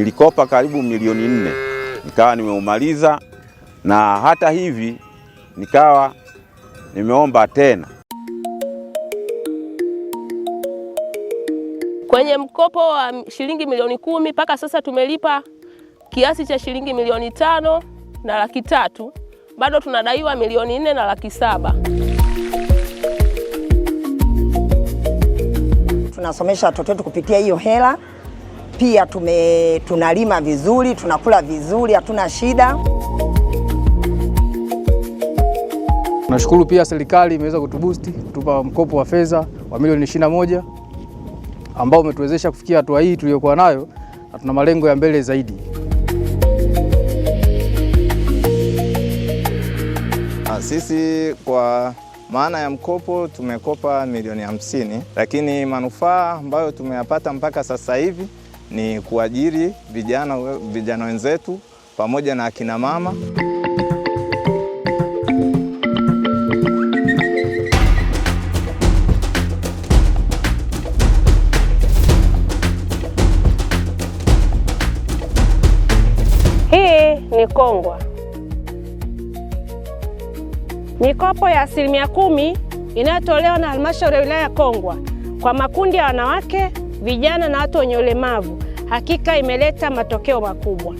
Nilikopa karibu milioni nne nikawa nimeumaliza, na hata hivi nikawa nimeomba tena kwenye mkopo wa shilingi milioni kumi. Mpaka sasa tumelipa kiasi cha shilingi milioni tano na laki tatu, bado tunadaiwa milioni nne na laki saba. Tunasomesha watoto wetu kupitia hiyo hela pia tume, tunalima vizuri, tunakula vizuri, hatuna shida. Tunashukuru pia serikali imeweza kutubusti kutupa mkopo wa fedha wa milioni 21 ambao umetuwezesha kufikia hatua hii tuliyokuwa nayo, na tuna malengo ya mbele zaidi. Ah, sisi kwa maana ya mkopo tumekopa milioni hamsini, lakini manufaa ambayo tumeyapata mpaka sasa hivi ni kuajiri vijana, vijana wenzetu pamoja na akina mama. Hii ni kongwa. Mikopo ya asilimia kumi inayotolewa na halmashauri ya wilaya ya Kongwa kwa makundi ya wanawake vijana na watu wenye ulemavu, hakika imeleta matokeo makubwa.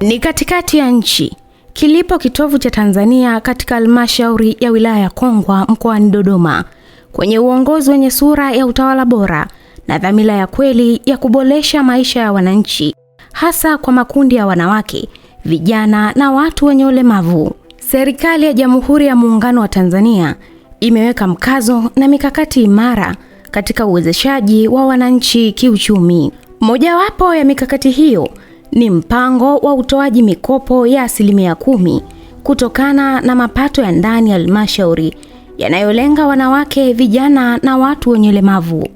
Ni katikati ya nchi kilipo kitovu cha Tanzania katika halmashauri ya wilaya ya Kongwa mkoani Dodoma, kwenye uongozi wenye sura ya utawala bora na dhamira ya kweli ya kuboresha maisha ya wananchi, hasa kwa makundi ya wanawake vijana na watu wenye ulemavu. Serikali ya Jamhuri ya Muungano wa Tanzania imeweka mkazo na mikakati imara katika uwezeshaji wa wananchi kiuchumi. Mojawapo ya mikakati hiyo ni mpango wa utoaji mikopo ya asilimia kumi kutokana na mapato ya ndani ya halmashauri yanayolenga wanawake, vijana na watu wenye ulemavu.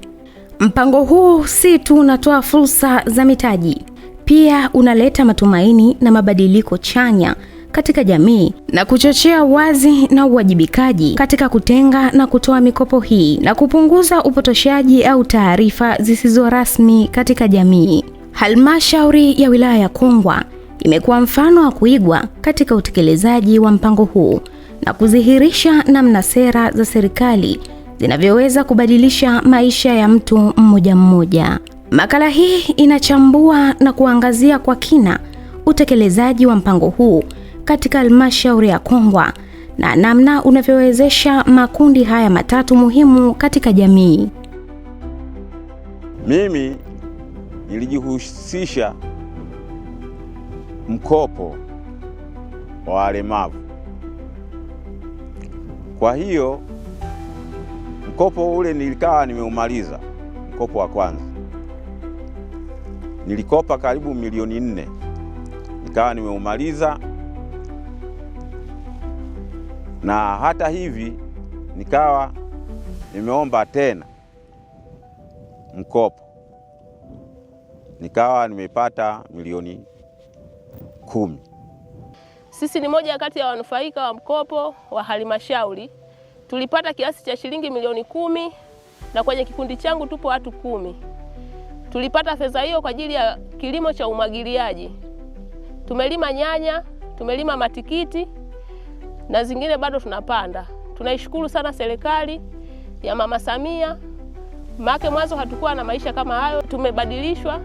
Mpango huu si tu unatoa fursa za mitaji pia unaleta matumaini na mabadiliko chanya katika jamii na kuchochea wazi na uwajibikaji katika kutenga na kutoa mikopo hii na kupunguza upotoshaji au taarifa zisizo rasmi katika jamii. Halmashauri ya wilaya ya Kongwa imekuwa mfano wa kuigwa katika utekelezaji wa mpango huu na kudhihirisha namna sera za serikali zinavyoweza kubadilisha maisha ya mtu mmoja mmoja. Makala hii inachambua na kuangazia kwa kina utekelezaji wa mpango huu katika halmashauri ya Kongwa na namna unavyowezesha makundi haya matatu muhimu katika jamii. Mimi nilijihusisha mkopo wa walemavu, kwa hiyo mkopo ule nilikawa nimeumaliza mkopo wa kwanza Nilikopa karibu milioni nne nikawa nimeumaliza, na hata hivi nikawa nimeomba tena mkopo, nikawa nimepata milioni kumi. Sisi ni moja kati ya wanufaika wa mkopo wa halmashauri, tulipata kiasi cha shilingi milioni kumi na kwenye kikundi changu tupo watu kumi. Tulipata fedha hiyo kwa ajili ya kilimo cha umwagiliaji. Tumelima nyanya, tumelima matikiti na zingine bado tunapanda. Tunaishukuru sana serikali ya Mama Samia, make mwanzo hatukuwa na maisha kama hayo. Tumebadilishwa,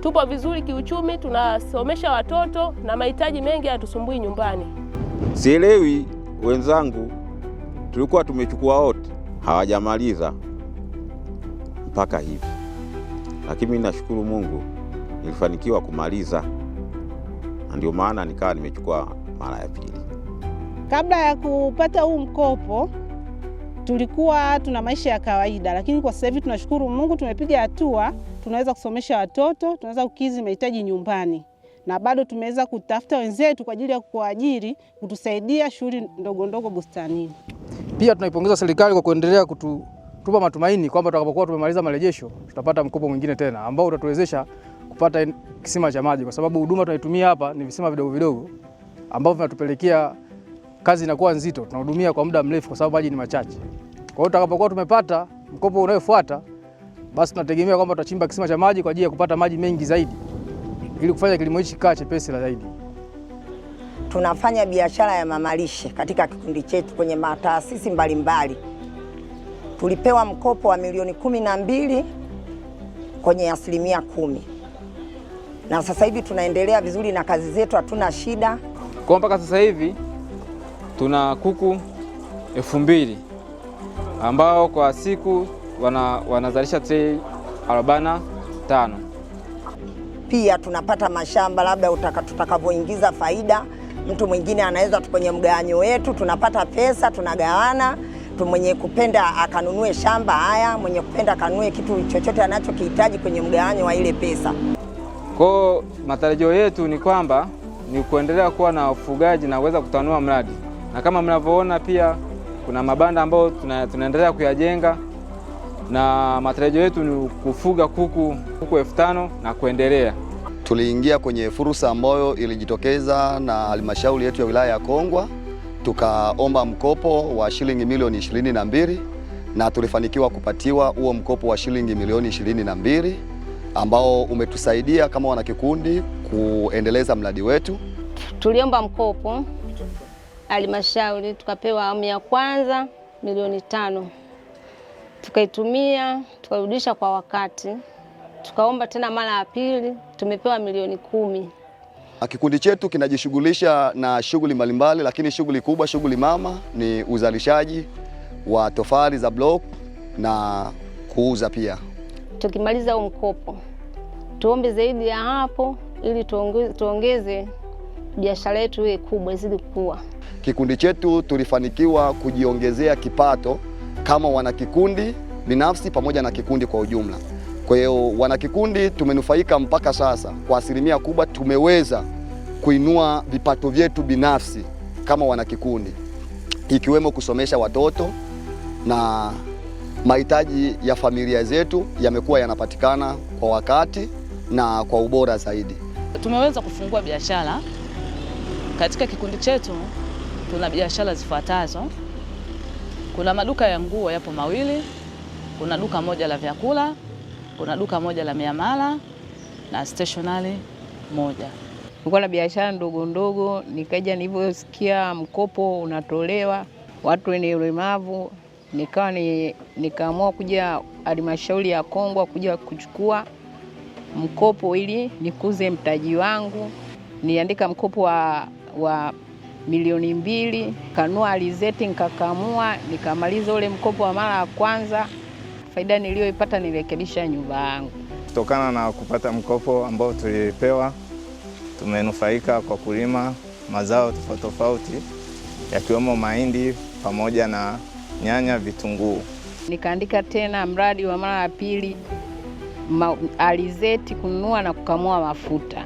tupo vizuri kiuchumi, tunasomesha watoto na mahitaji mengi hayatusumbui nyumbani. Sielewi wenzangu, tulikuwa tumechukua wote, hawajamaliza mpaka hivi lakini mimi nashukuru Mungu nilifanikiwa kumaliza, na ndio maana nikawa nimechukua mara ya pili. Kabla ya kupata huu mkopo tulikuwa tuna maisha ya kawaida, lakini kwa sasa hivi tunashukuru Mungu, tumepiga hatua, tunaweza kusomesha watoto, tunaweza kukidhi mahitaji nyumbani, na bado tumeweza kutafuta wenzetu kwa ajili ya kuajiri, kutusaidia shughuli ndogo ndogo bustanini. Pia tunaipongeza serikali kwa kuendelea kutu kutupa matumaini kwamba tutakapokuwa tumemaliza marejesho tutapata mkopo mwingine tena ambao utatuwezesha kupata kisima cha maji, kwa sababu huduma tunaitumia hapa ni visima vidogo vidogo ambavyo vinatupelekea kazi inakuwa nzito, tunahudumia kwa muda mrefu kwa sababu maji ni machache. Kwa hiyo tutakapokuwa tumepata mkopo unaofuata, basi tunategemea kwamba tutachimba kisima cha maji kwa ajili ya kupata maji mengi zaidi ili kufanya kilimo hichi kaa chepesi la zaidi. Tunafanya biashara ya mamalishe katika kikundi chetu kwenye mataasisi mbalimbali. mbali tulipewa mkopo wa milioni kumi na mbili kwenye asilimia kumi na sasa hivi tunaendelea vizuri na kazi zetu, hatuna shida. Kwa mpaka sasa hivi tuna kuku elfu mbili ambao kwa siku wana, wanazalisha trei arobaini tano. Pia tunapata mashamba labda tutakavyoingiza faida, mtu mwingine anaweza kwenye mgawanyo wetu tunapata pesa tunagawana mwenye kupenda akanunue shamba haya, mwenye kupenda akanunue kitu chochote anachokihitaji kwenye mgawanyo wa ile pesa. Kwa matarajio yetu ni kwamba ni kuendelea kuwa na ufugaji na kuweza kutanua mradi, na kama mnavyoona pia kuna mabanda ambayo tuna, tunaendelea kuyajenga na matarajio yetu ni kufuga kuku kuku elfu tano na kuendelea. Tuliingia kwenye fursa ambayo ilijitokeza na halmashauri yetu ya wilaya ya Kongwa tukaomba mkopo wa shilingi milioni ishirini na mbili na tulifanikiwa kupatiwa huo mkopo wa shilingi milioni ishirini na mbili ambao umetusaidia kama wanakikundi kuendeleza mradi wetu. Tuliomba mkopo halmashauri, tukapewa awamu ya kwanza milioni tano, tukaitumia tukarudisha kwa wakati, tukaomba tena mara ya pili, tumepewa milioni kumi. Kikundi chetu kinajishughulisha na shughuli mbalimbali, lakini shughuli kubwa, shughuli mama ni uzalishaji wa tofali za block na kuuza pia. Tukimaliza huu mkopo, tuombe zaidi ya hapo ili tuongeze, biashara yetu iwe kubwa, izidi kukua. Kikundi chetu tulifanikiwa kujiongezea kipato kama wanakikundi binafsi pamoja na kikundi kwa ujumla. Kwa hiyo wanakikundi tumenufaika mpaka sasa kwa asilimia kubwa, tumeweza kuinua vipato vyetu binafsi kama wanakikundi, ikiwemo kusomesha watoto na mahitaji ya familia zetu yamekuwa yanapatikana kwa wakati na kwa ubora zaidi. Tumeweza kufungua biashara katika kikundi chetu. Tuna biashara zifuatazo: kuna maduka ya nguo yapo mawili, kuna duka moja la vyakula kuna duka moja la miamala na stationery moja. Nilikuwa na biashara ndogo ndogo, nikaja nilivyosikia mkopo unatolewa watu wenye ulemavu, nikawa ni, nikaamua kuja halmashauri ya Kongwa kuja kuchukua mkopo ili nikuze mtaji wangu. Niandika mkopo wa, wa milioni mbili, kanua alizeti, nikakamua, nikamaliza ule mkopo wa mara ya kwanza faida niliyoipata nirekebisha nyumba yangu. Kutokana na kupata mkopo ambao tulipewa, tumenufaika kwa kulima mazao tofauti tofauti yakiwemo mahindi pamoja na nyanya, vitunguu. Nikaandika tena mradi wa mara ya pili ma, alizeti kununua na kukamua mafuta,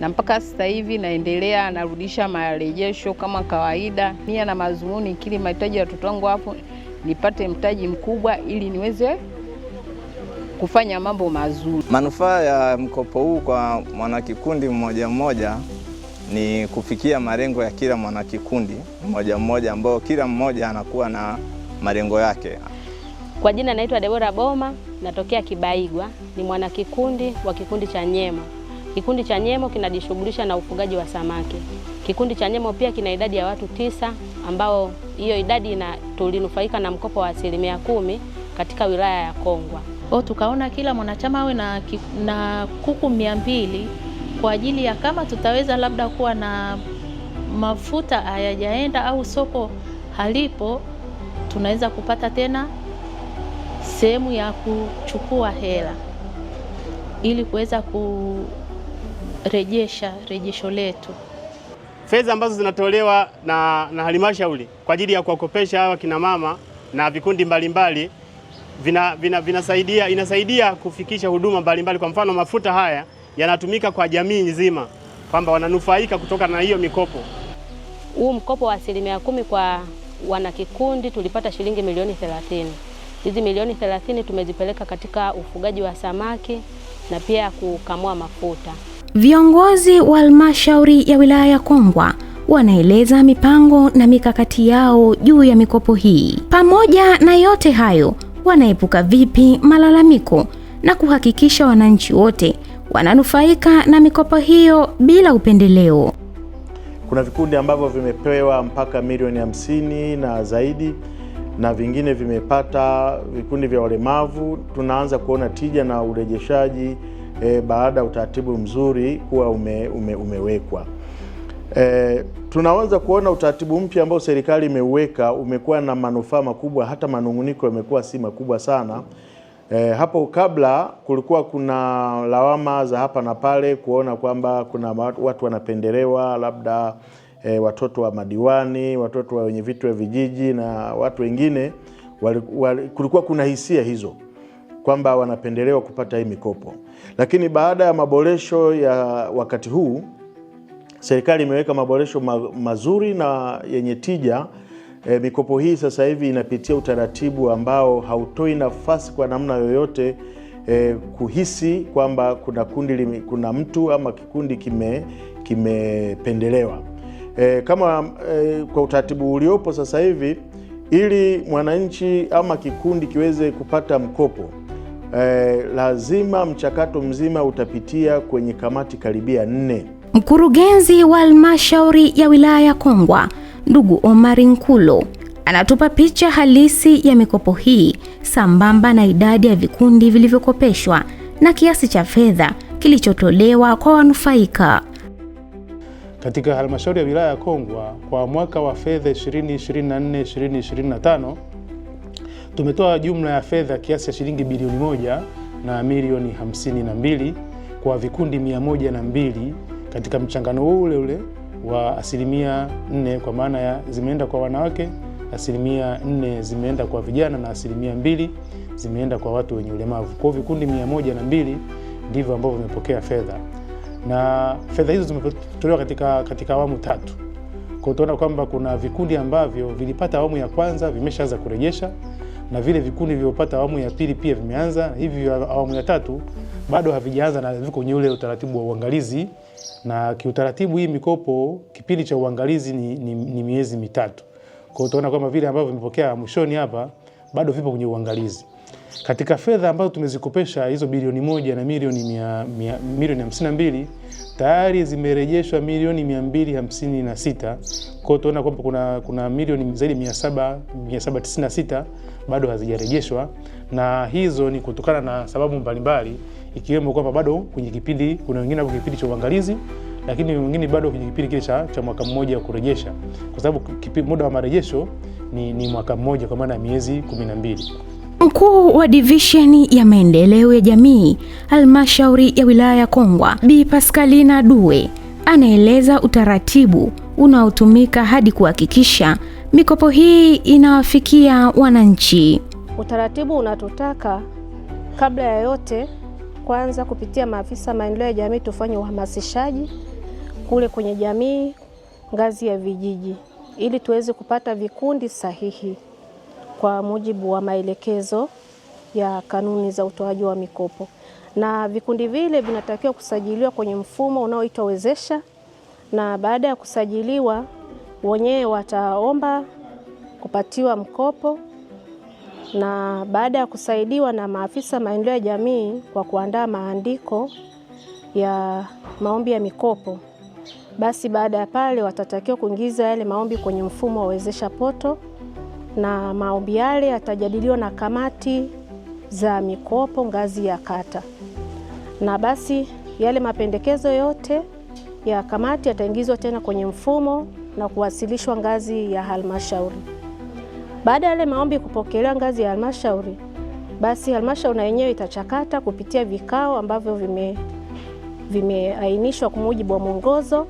na mpaka sasa hivi naendelea, narudisha marejesho kama kawaida, nia na mazumuni kili mahitaji ya watoto wangu hapo nipate mtaji mkubwa ili niweze kufanya mambo mazuri. Manufaa ya mkopo huu kwa mwanakikundi mmoja mmoja ni kufikia malengo ya kila mwanakikundi mmoja mmoja, ambao kila mmoja anakuwa na malengo yake. Kwa jina naitwa Debora Boma, natokea Kibaigwa, ni mwanakikundi wa kikundi cha Nyemo. Kikundi cha Nyemo kinajishughulisha na ufugaji wa samaki. Kikundi cha Nyemo pia kina idadi ya watu tisa ambao hiyo idadi na tulinufaika na mkopo wa asilimia kumi katika wilaya ya Kongwa. Kwa tukaona kila mwanachama awe na, na kuku mia mbili kwa ajili ya kama tutaweza labda kuwa na mafuta hayajaenda au soko halipo, tunaweza kupata tena sehemu ya kuchukua hela ili kuweza kurejesha rejesho letu fedha ambazo zinatolewa na, na halmashauri kwa ajili ya kuwakopesha hawa kina mama na vikundi mbalimbali vina, vina, inasaidia kufikisha huduma mbalimbali. Kwa mfano mafuta haya yanatumika kwa jamii nzima, kwamba wananufaika kutoka na hiyo mikopo. Huu mkopo wa asilimia kumi kwa wanakikundi tulipata shilingi milioni thelathini. Hizi milioni thelathini tumezipeleka katika ufugaji wa samaki na pia kukamua mafuta. Viongozi wa halmashauri ya wilaya ya Kongwa wanaeleza mipango na mikakati yao juu ya mikopo hii. Pamoja na yote hayo, wanaepuka vipi malalamiko na kuhakikisha wananchi wote wananufaika na mikopo hiyo bila upendeleo. Kuna vikundi ambavyo vimepewa mpaka milioni hamsini na zaidi na vingine vimepata, vikundi vya walemavu. Tunaanza kuona tija na urejeshaji e, baada ya utaratibu mzuri kuwa ume, ume, umewekwa. E, tunaanza kuona utaratibu mpya ambao serikali imeuweka umekuwa na manufaa makubwa, hata manunguniko yamekuwa si makubwa sana. E, hapo kabla kulikuwa kuna lawama za hapa na pale kuona kwamba kuna watu wanapendelewa labda E, watoto wa madiwani, watoto wa wenye vitu vya vijiji na watu wengine wali, wali, kulikuwa kuna hisia hizo kwamba wanapendelewa kupata hii mikopo. Lakini baada ya maboresho ya wakati huu, serikali imeweka maboresho ma mazuri na yenye tija. E, mikopo hii sasa hivi inapitia utaratibu ambao hautoi nafasi kwa namna yoyote e, kuhisi kwamba kuna kundi, kuna mtu ama kikundi kimependelewa kime eh, e, kama e, kwa utaratibu uliopo sasa hivi ili mwananchi ama kikundi kiweze kupata mkopo eh, lazima mchakato mzima utapitia kwenye kamati karibia nne. Mkurugenzi wa halmashauri ya wilaya ya Kongwa ndugu Omari Nkulo anatupa picha halisi ya mikopo hii sambamba na idadi ya vikundi vilivyokopeshwa na kiasi cha fedha kilichotolewa kwa wanufaika. Katika halmashauri ya wilaya ya Kongwa kwa mwaka wa fedha 2024 2025 Tumetoa jumla ya fedha kiasi cha shilingi bilioni moja na milioni hamsini na mbili kwa vikundi mia moja na mbili katika mchangano huu ule ule wa asilimia nne kwa maana ya zimeenda kwa wanawake, asilimia nne zimeenda kwa vijana na asilimia mbili zimeenda kwa watu wenye ulemavu. Kwa vikundi mia moja na mbili ndivyo ambavyo vimepokea fedha na fedha hizo zimetolewa katika, katika awamu tatu. Kwa utaona kwamba kuna vikundi ambavyo vilipata awamu ya kwanza vimeshaanza kurejesha na vile vikundi vilivyopata awamu ya pili pia vimeanza hivi, awamu ya tatu bado havijaanza na viko kwenye ule utaratibu wa uangalizi. Na kiutaratibu, hii mikopo kipindi cha uangalizi ni, ni, ni miezi mitatu. Kwa hiyo utaona kwamba vile ambavyo vimepokea mwishoni hapa bado vipo kwenye uangalizi. Katika fedha ambazo tumezikopesha hizo bilioni moja na milioni mia, mia, milioni mbili tayari zimerejeshwa milioni mia mbili na Kwa hiyo tunaona kwamba kuna, kuna milioni zaidi ya sita bado hazijarejeshwa, na hizo ni kutokana na sababu mbalimbali ikiwemo kwamba bado kwenye kipindi, kuna wengine wako kipindi cha uangalizi lakini wengine bado kwenye kipindi kile cha, cha mwaka mmoja kurejesha, kwa sababu muda wa marejesho ni, ni mwaka mmoja kwa maana ya miezi 12. Mkuu wa divisheni ya maendeleo ya jamii halmashauri ya wilaya ya Kongwa Bi Pascalina Due anaeleza utaratibu unaotumika hadi kuhakikisha mikopo hii inawafikia wananchi. Utaratibu unatutaka kabla ya yote, kwanza kupitia maafisa maendeleo ya jamii tufanye uhamasishaji kule kwenye jamii ngazi ya vijiji, ili tuweze kupata vikundi sahihi kwa mujibu wa maelekezo ya kanuni za utoaji wa mikopo, na vikundi vile vinatakiwa kusajiliwa kwenye mfumo unaoitwa Wezesha, na baada ya kusajiliwa wenyewe wataomba kupatiwa mkopo na baada ya kusaidiwa na maafisa maendeleo ya jamii kwa kuandaa maandiko ya maombi ya mikopo, basi baada ya pale watatakiwa kuingiza yale maombi kwenye mfumo wa Wezesha Poto na maombi yale yatajadiliwa na kamati za mikopo ngazi ya kata, na basi yale mapendekezo yote ya kamati yataingizwa tena kwenye mfumo na kuwasilishwa ngazi ya halmashauri. Baada ya yale maombi kupokelewa ngazi ya halmashauri, basi halmashauri na yenyewe itachakata kupitia vikao ambavyo vime vimeainishwa kwa mujibu wa mwongozo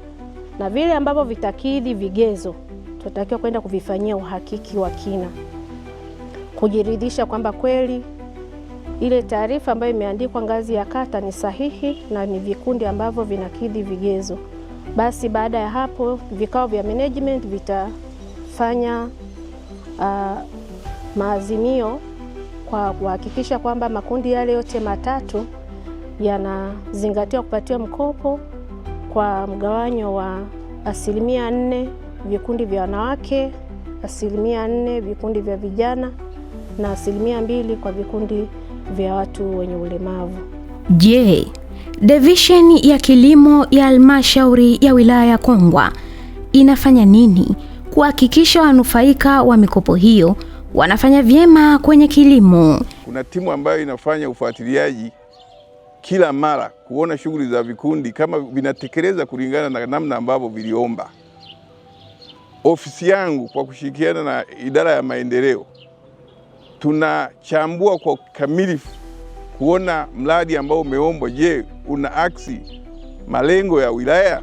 na vile ambavyo vitakidhi vigezo tunatakiwa kwenda kuvifanyia uhakiki wa kina, kujiridhisha kwamba kweli ile taarifa ambayo imeandikwa ngazi ya kata ni sahihi na ni vikundi ambavyo vinakidhi vigezo. Basi baada ya hapo vikao vya management vitafanya uh, maazimio kwa kuhakikisha kwamba makundi yale yote matatu yanazingatiwa kupatiwa mkopo kwa mgawanyo wa asilimia nne vikundi vya wanawake, asilimia nne vikundi vya vijana na asilimia mbili kwa vikundi vya watu wenye ulemavu. Je, divisheni ya kilimo ya halmashauri ya wilaya ya Kongwa inafanya nini kuhakikisha wanufaika wa mikopo hiyo wanafanya vyema kwenye kilimo? Kuna timu ambayo inafanya ufuatiliaji kila mara kuona shughuli za vikundi kama vinatekeleza kulingana na namna ambavyo viliomba ofisi yangu kwa kushirikiana na idara ya maendeleo tunachambua kwa kamilifu kuona mradi ambao umeombwa, je, una aksi malengo ya wilaya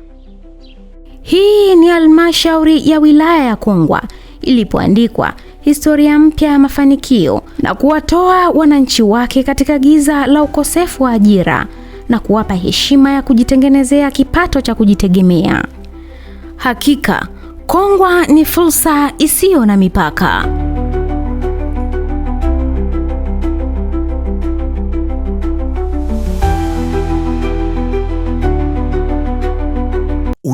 hii. Ni halmashauri ya wilaya ya Kongwa ilipoandikwa historia mpya ya mafanikio na kuwatoa wananchi wake katika giza la ukosefu wa ajira na kuwapa heshima ya kujitengenezea kipato cha kujitegemea. Hakika Kongwa ni fursa isiyo na mipaka.